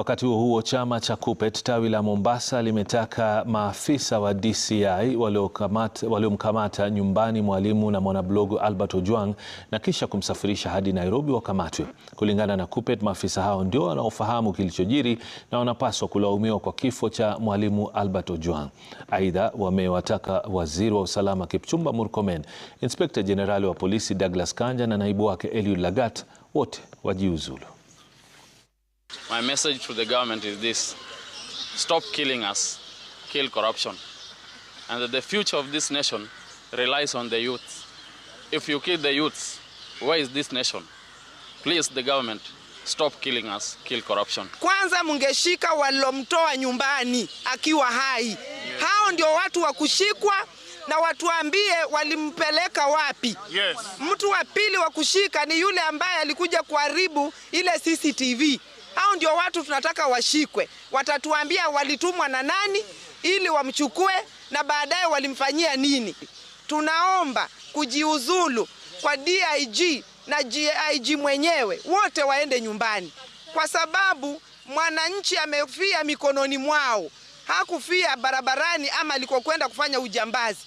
Wakati huo huo, chama cha KUPPET tawi la Mombasa limetaka maafisa wa DCI waliomkamata nyumbani mwalimu na mwanablogu Albert Ojwang na kisha kumsafirisha hadi Nairobi wakamatwe. Kulingana na KUPPET, maafisa hao ndio wanaofahamu kilichojiri na wanapaswa kulaumiwa kwa kifo cha mwalimu Albert Ojwang. Aidha, wamewataka waziri wa usalama Kipchumba Murkomen, inspekta jenerali wa polisi Douglas Kanja na naibu wake Eliud Lagat wote wajiuzulu. My message to the government is this stop killing us, kill corruption. And that the future of this nation relies on the youth. If you kill the youth where is this nation? Please, the government, stop killing us, kill corruption. Kwanza mungeshika walomtoa nyumbani akiwa hai. Hao ndio watu wa kushikwa na watuambie walimpeleka wapi. Yes. Mtu wa pili wa kushika ni yule ambaye alikuja kuharibu ile CCTV. Hao ndio watu tunataka washikwe, watatuambia walitumwa na nani ili wamchukue na baadaye walimfanyia nini. Tunaomba kujiuzulu kwa DIG na GIG mwenyewe, wote waende nyumbani, kwa sababu mwananchi amefia mikononi mwao, hakufia barabarani ama alikokwenda kufanya ujambazi.